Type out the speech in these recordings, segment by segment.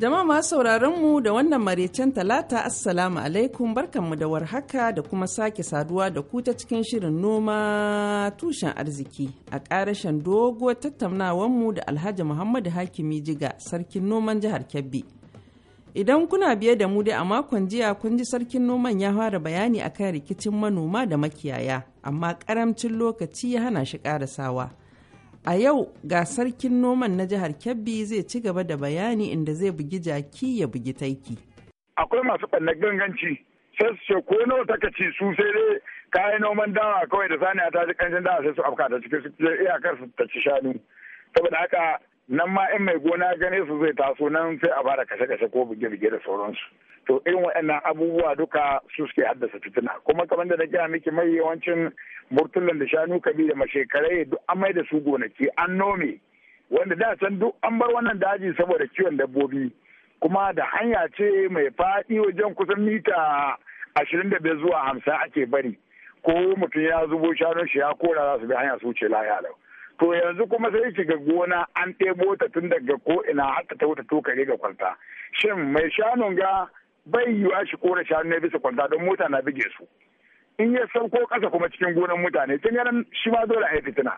Jama'a masu sauraron mu da wannan maraicen talata assalamu alaikum barkanmu da warhaka da kuma sake saduwa da ku ta cikin shirin noma tushen arziki a ƙarashen dogo tattaunawanmu da Alhaji Muhammadu Hakimi Jiga sarkin noman jihar Kebbi. Idan kuna biye da mu dai a makon jiya kun ji sarkin noman ya fara bayani akan rikicin manoma da makiyaya amma ƙaramcin lokaci ya hana shi ƙarasawa. A yau ga sarkin noman na jihar Kebbi zai ci gaba da bayani inda zai bugi jaki ya bugi taiki. Akwai masu ɓannar ganganci sai su ce ko nawa taka ci su sai dai kayan noman dawa kawai da saniya ta ji kanshin dawa sai su afka ta cikin iyakar su ta ci shanu. Saboda haka nan ma in mai gona gane su zai taso nan sai a bada kashe-kashe ko buge-buge da sauransu to irin waɗannan abubuwa duka su suke haddasa fitina kuma kamar da na gina miki mai yawancin murtulan da shanu kabi da mashekarai duk an mai da su gonaki an nome wanda da can duk an bar wannan daji saboda kiwon dabbobi kuma da hanya ce mai faɗi wajen kusan mita ashirin da biyar zuwa hamsin ake bari ko mutum ya zubo shanun shi ya kora za su bi hanya su ce lahiya lau to yanzu kuma sai shiga gona an ɗebo ta tun daga ko ina haka ta wuta tokare ga kwanta shin mai shanun ga bai yiwa shi kora shanu ne bisa kwalta don mota na bige su in ya sauko ƙasa kuma cikin gonan mutane tun yanan shi ma dole a yi fitina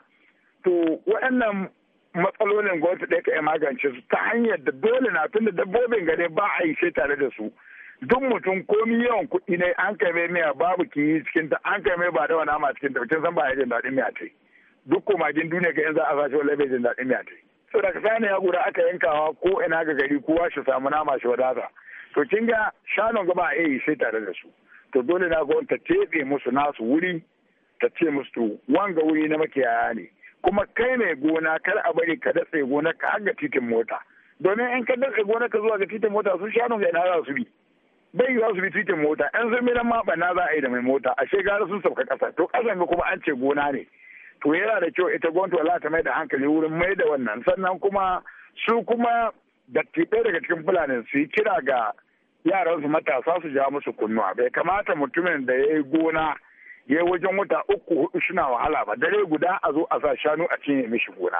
to waɗannan matsalolin gwamnati ɗaya ka magance su ta hanyar da dole na tun da dabbobin gare ba a yi sai tare da su duk mutum komi yawan kuɗi ne an kai mai miya babu kiyi cikin ta an kai mai ba da nama cikin ta san ba yi jin daɗin miya ta duk komagin duniya ga yanzu a sashi wala bai jin daɗin ya ta so daga sani ya gura aka yankawa ko ina ga gari kowa shi samu nama shi wadata to kin ga shanon gaba a yi sai tare da su to dole na ga ta tebe musu nasu wuri ta ce musu to wanga wuri na makiyaya ne kuma kai mai gona kar a bari ka datse gona ka har ga titin mota domin in ka datse gona ka zuwa ga titin mota sun shanon ga ina za su bi bai za su bi titin mota yan sun bi ma na za a yi da mai mota ashe gara sun sauka ƙasa to ƙasan ga kuma an ce gona ne to yana da kyau ita gwamnati wala ta mai da hankali wurin mai da wannan sannan kuma su kuma tibe daga cikin fulani su yi kira ga yaransu matasa su ja musu kunnuwa bai kamata mutumin da ya yi gona ya yi wajen wata uku hudu suna wahala ba dare guda a zo a sa shanu a cinye mishi gona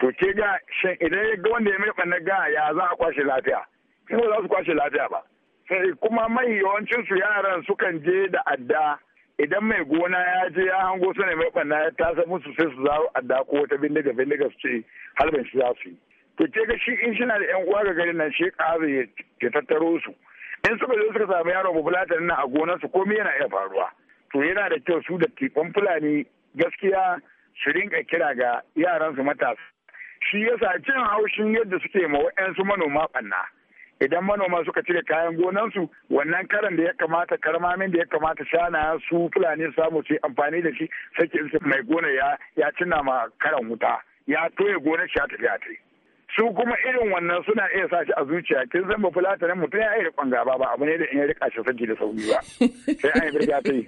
to ke ga shan idan ya ga wanda ya mai ɓanna ga ya za a kwashe lafiya sai za su kwashe lafiya ba sai kuma mai yawancin su yaran sukan je da adda idan mai gona ya je ya hango su mai ɓanna ya tasa musu sai su za adda ko wata bindiga bindiga su ce halban shi za su yi to ke ga shi in shina da yan uwa ga garin nan shi ƙara ya tattaro su in suka zo suka samu yaro ba fulatanin nan a gonar su komai yana iya faruwa to yana da kyau su da tifan fulani gaskiya su rinka kira ga yaransu su matasa shi yasa cin haushin yadda suke ma wa'yansu manoma ɓanna idan manoma suka cire kayan gonansu wannan karan da ya kamata karmamin da ya kamata shana su fulani samu su amfani da shi sai mai gona ya cina ma karan wuta ya toye gonar shi ya tafi ya su kuma irin wannan suna iya sa shi a zuciya kin san ba ne mutum ya yi kwanga ba abu ne da in ya rika shi saki da sauri ba sai an yi birga ta yi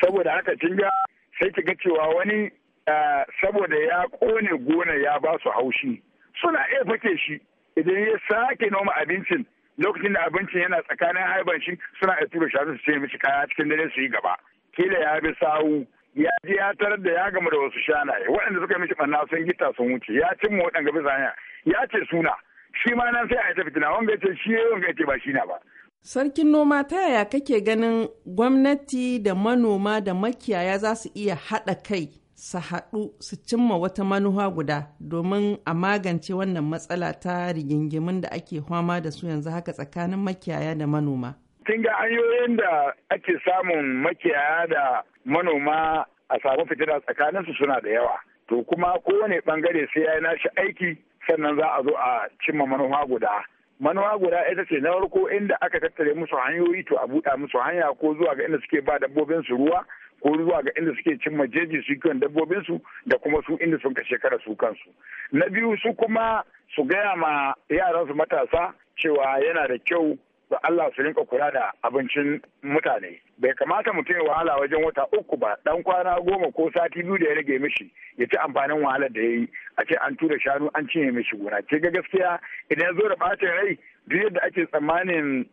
saboda haka kin ga sai ki ga cewa wani eh, saboda ya kone gona ya ba su haushi suna iya fake shi idan ya sake noma abincin lokacin da abincin yana tsakanin haiban shi suna iya tura shanu su ce mishi kaya cikin dare su yi gaba kila ya bi sawu ya je ya tarar da ya gama da wasu shanaye waɗanda suka mishi ɓanna sun gita sun wuce ya mu waɗanda bisa hanya ya ce suna shi ma nan sai a ta fitina wanga ya ce shi ya wanga ya ce ba shi na ba. Sarkin noma ta yaya kake ganin gwamnati da manoma da makiyaya za su iya haɗa kai su haɗu su cimma wata manuwa guda domin a magance wannan matsala ta rigingimin da ake fama da su yanzu haka tsakanin makiyaya da manoma. Kin ga hanyoyin da ake samun makiyaya da manoma a samu fitina su suna da yawa. To kuma kowane ɓangare sai ya yi nashi aiki sannan za a zo a cimma manoma guda. manuwa guda ita ce na farko inda aka tattare musu hanyoyi to a buɗa musu hanya ko zuwa ga inda suke ba dabbobin su ruwa ko zuwa ga inda suke cin majeji su kiwon dabbobin su da kuma su inda sun kashe shekara su kansu na biyu su kuma su gaya ma yaran su matasa cewa yana da kyau da Allah su rinka kula da abincin mutane. Bai kamata mutum ya wahala wajen wata uku ba dan kwana goma ko sati biyu da ya rage mishi ya ci amfanin wahalar da ya yi a ce an tura shanu an cinye mishi gona. Ke ga gaskiya idan ya zo da bacin rai duk yadda ake tsammanin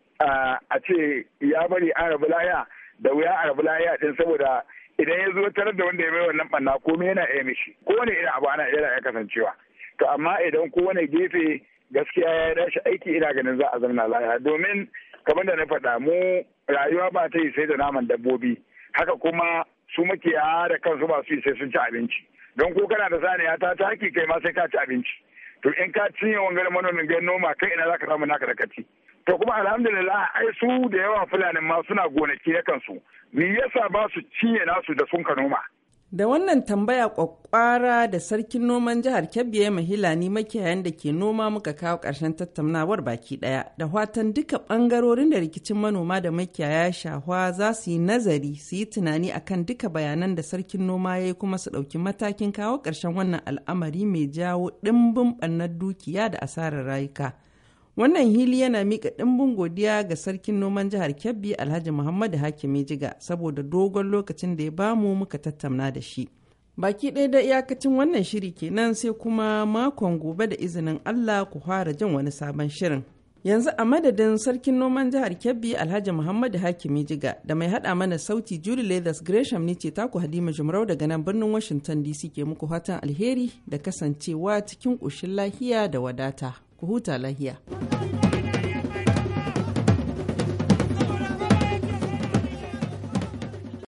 a ce ya bari an rabu laya da wuya a rabu laya din saboda idan ya zo tarar da wanda ya mai wannan banna komai yana iya mishi kowane irin abu ana iya kasancewa. To amma idan kowane gefe gaskiya ya dashi aiki ina ganin za a zauna lafiya domin kamar da na faɗa mu rayuwa ba ta yi sai da naman dabbobi haka kuma su makiya da kansu ba su yi sai sun ci abinci don ko kana da ya ta ta haƙi kai ma sai ka ci abinci to in ka cinye wangar manomin gan noma kai ina za ka samu naka da kaci to kuma alhamdulillah ai su da yawa fulanin ma suna gonaki na kansu me yasa ba su cinye nasu da sun ka noma Da wannan tambaya kwakwara da sarkin noman jihar Kebbi ya mahilani makiyayan da ke noma muka kawo ƙarshen tattaunawar baki ɗaya da watan duka ɓangarorin da rikicin manoma da makiyaya shahwa za su yi nazari su yi tunani akan duka bayanan da sarkin noma ya yi kuma su ɗauki matakin kawo ƙarshen wannan al'amari mai jawo ɗimbin ɓannar dukiya da asarar rayuka. Wannan hili yana miƙa ɗimbin godiya ga sarkin noman jihar Kebbi Alhaji Muhammadu Hakimi Jiga saboda dogon lokacin da ya bamu muka tattauna da shi. Baki ɗaya da iyakacin wannan shiri kenan sai kuma makon gobe da izinin Allah ku fara jin wani sabon shirin. Yanzu a madadin sarkin noman jihar Kebbi Alhaji Muhammadu Hakimi Jiga da mai haɗa mana sauti Julie Leathers Gresham ne ce taku Halima Jumrau daga nan birnin Washington DC ke muku fatan alheri da kasancewa cikin ƙoshin lahiya da wadata. ku huta lahiya.